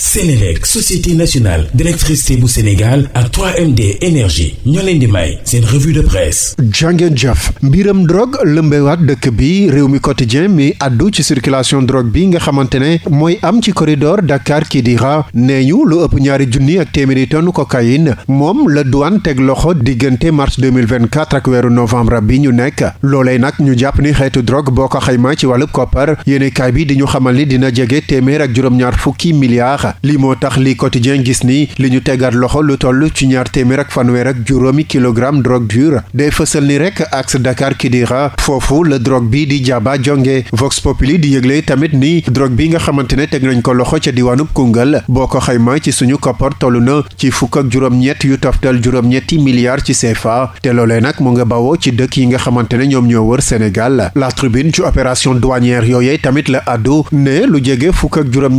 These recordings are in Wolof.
Sénélec société nationale d'électricité bu Sénégal ak 3MD énergie ñoo leen di may seen de presse jàngeen jëf mbiram drogue lëmbewaat dëkk bi réew mi quotidien mi àddu ci circulation drogue bi nga xamante ne mooy am ci corridor Dakar Kidira nee ñu lu ëpp ñaari junni ak téeméeri tonne cocaïne moom la douane teg loxo diggante mars 2024 ak weeru novembre bi ñu nekk loolee nag ñu jàpp ni xeetu drogue boo ko xaymaa ci wàllub koppar yéene kaay bi di ñu xamal ni dina jege téeméer ak juróom-ñaar fukki milliards lii moo tax li quotidien gis ni li ñu tegaat loxo lu toll ci ñaar téeméer ak fanweer ak juróomi kilogramme drogue dure day fësal ni rek axe Dakar Kidira foofu la drogue bi di jaaba jonge Vox Populi di yëgle tamit ni drogue bi nga xamante ne teg nañ ko loxo ca diwaanub Koungheul boo ko xayma ci suñu koppar tollu na ci fukk ak juróom-ñett yu toftal juróom-ñetti milliards ci CFA te loolee nag mu nga bawoo ci dëkk yi nga xamante ne ñoom ñoo wër Sénégal la tribune ci opération douanière yooyee tamit la addu lu jege fukk ak juróom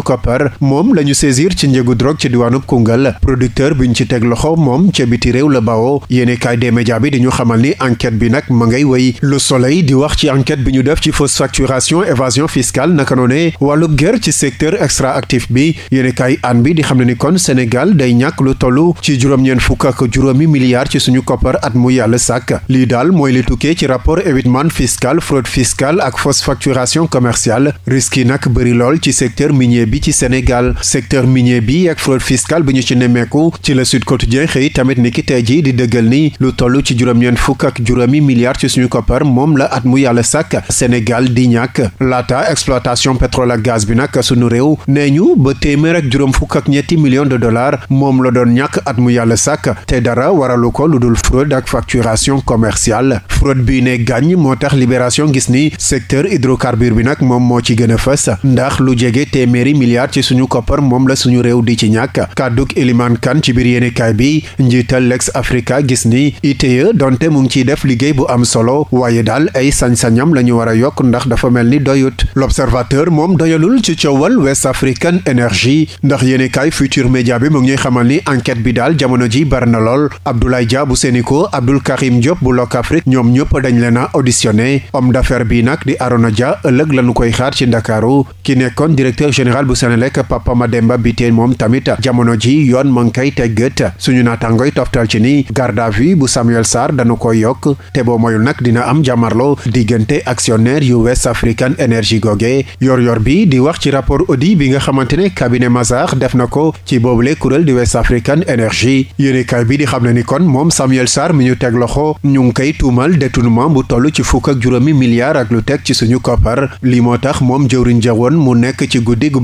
yu koppar moom la ñu saisir ci njëgu drogue ci diwaanub Koungheul producteur bi ñu ci teg loxo moom ca biti réew la bawoo yéene kaay des médias bi di ñu xamal ni enquête bi nag ma ngay wéy Le Soleil di wax ci enquête bi ñu def ci fausse facturation évasion fiscale naka noone wàllub guerre ci secteur extra bi yéene kaay bi di xam ne ni kon Sénégal day ñàkk lu toll ci juróom-ñeen fukk ak juróomi milliards ci suñu koppar at mu yàlla sàkk lii daal mooy li tukkee ci rapport bi ci Sénégal secteur minier bi ak fraude fiscale bi ñu ci nemmeeku ci la Sud Quotidien xëy tamit ni ki tey ji di dëggal ni lu toll ci juróom fukk ak juróomi milliards ci suñu koppar moom la at mu yàlla sàkk Sénégal di ñàkk laata exploitation pétrole ak gaz bi nag suñu réew nee ñu ba téeméer ak juróom fukk ak ñetti millions de dollars moom la doon ñàkk at mu yàlla sàkk te dara waralu ko lu dul fraude ak facturation commerciale fraude bi ne gàññ moo tax libération gis ni secteur hydrocarbure bi nag moom moo ci gën a fës ndax lu jege téeméeri milliards ci suñu koppar moom la suñu réew di ci ñàkk kàdduk Eliman Kan ci biir yéenekaay bi njiital Lex Africa gis ni ITIE donte mu ngi ciy def liggéey bu am solo waaye daal ay sañ-sañam la war a yokk ndax dafa mel ni doyut l'observateur moom doyalul ci coowal West African Energy ndax yéenekaay Futur Média bi mu ngi xamal ni enquête bi daal jamono ji bari na lool Abdoulaye Dia bu Sénico Abdoul Karim Diop bu Locafrique ñoom ñëpp dañ leen a auditionné homme d'affaires bi nag di Arona Dia ëllëg lañu koy xaar ci bu Senelec Papa Mademba Bitèye moom tamit jamono ji yoon ma ngi koy teg gët suñu naataangoy toftal ci ni garde à vue bu Samuel Sarr danu ko yokk te boo moyul nag dina am jàmmarloo diggante actionnaire yu West African Energy goge yor yor bi di wax ci rapport audit bi nga xamante ne cabinet Mazars def na ko ci boobule kuréel di West African Energy yéenekaay bi di xam ne ni kon moom Samuel Sarr mi ñu teg loxo ñu ngi koy tuumal détournement bu toll ci fukk ci suñu koppar li moo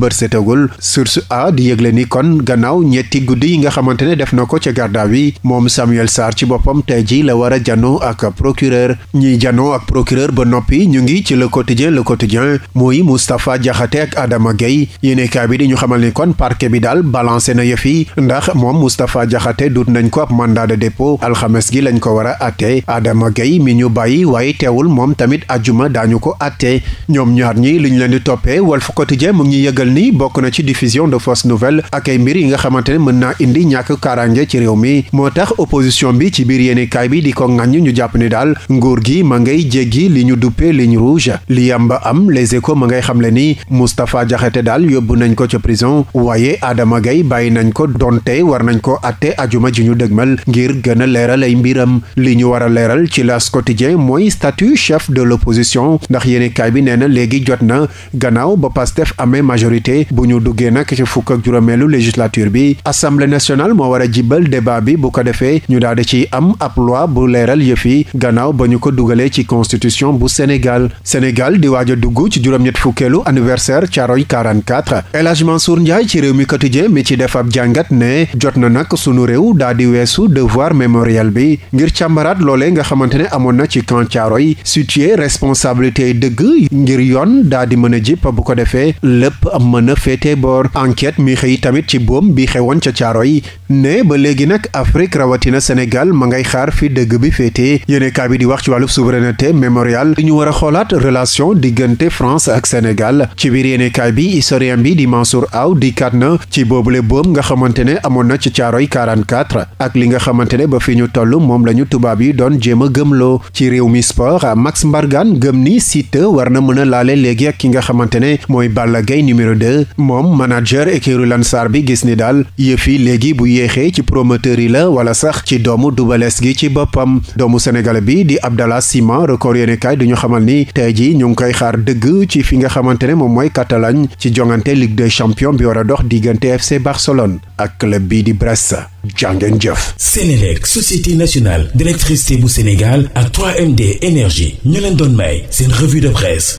bët setagul source a di yëgle ni kon gannaaw ñetti guddi yi nga xamante ne def na ko ca garda bi moom Samuel saar ci boppam tey ji la war a jano ak procureur ñiy jano ak procureur ba noppi ñu ngi ci la quotidien le quotidien muy Moustapha Diakhaté ak Adama Gueye yéenekaay bi di ñu xamal ni kon parke bi daal balancé na yëf yi ndax moom Moustapha Diakhaté dut nañ ko ab mandat de dépôt alxames gi lañ ko war a atte Adama Gueye mi ñu bàyyi waaye teewul moom tamit ajuma daañu ko atte ñoom ni bokk na ci diffusion de fausses nouvelles ak ay mbir yi nga xamante ne mën naa indi ñàkk kaaraange ci réew mi moo tax opposition bi ci biir yéenekaay bi di ko ŋàññ ñu jàpp ne daal nguur gi ma ngay jéggi li ñu duppee ligne rouge li yamba am les échos ma ngay xamle ni Moustapha Diakhaté daal yóbbu nañ ko ca prison waaye Adama gay bàyyi nañ ko tey war nañ ko atte ajuma ji ñu dëgmal ngir gën a leeral ay mbiram li ñu war a leeral ci las quotidien mooy statut chef de l'opposition ndax yéenekaay bi nee na léegi jot na majorité bu ñu duggee nag ci fukk ak juróomeelu législature bi assemblée nationale moo war a jibbal débat bi bu ko defee ñu daal di ciy am ab loi bu leeral yëfi gannaaw ba ñu ko dugalee ci constitution bu Sénégal Sénégal di waaj a dugg ci juróom-ñett fukkeelu anniversaire Thiaroye 44 El Hadj Mansour Ndiaye ci réew mi quotidien mi ci def ab jàngat ne jot na nag sunu réew dal di weesu devoir mémorial bi ngir càmbaraat loolee nga xamante ne amoon na ci camp Thiaroye situé responsabilité dëgg ngir yoon daal di mën a jip bu ko defee mën a féete boor enquête mi xëy tamit ci boom bi xewoon ca caaro yi ne ba léegi nag Afrique rawatina Sénégal ma ngay xaar fi dëgg bi féete yéene kaa bi di wax ci wàllub souveraineté mémorial li ñu war a xoolaat relation diggante France ak Sénégal ci biir yéene kaay bi historien bi di Mansour Aw di kat na ci boobule boom nga xamante ne amoon na ca caaro yi 44 ak li nga xamante ne ba fi ñu toll moom la ñu tubaab yi doon jéem a gëmloo ci réew mi sport Max Mbargane gëm ni Siteu war na a 2 moom manager écurie Lansar bi gis ni daal yëf léegi bu yéexee ci promoteur yi la wala sax ci doomu dubales gi ci boppam doomu sénégal bi di Abdallah Sima record yéene kaay ñu xamal ni tey ji ñu ngi koy xaar dëgg ci fi nga xamante ne moom mooy Catalogne ci jongante Ligue de champions bi war a dox diggante FC Barcelone ak club bii di Brest jàngeen jëf Sénélec société nationale d'électricité bu Sénégal ak 3MD énergie ñu leen doon may seen revue de presse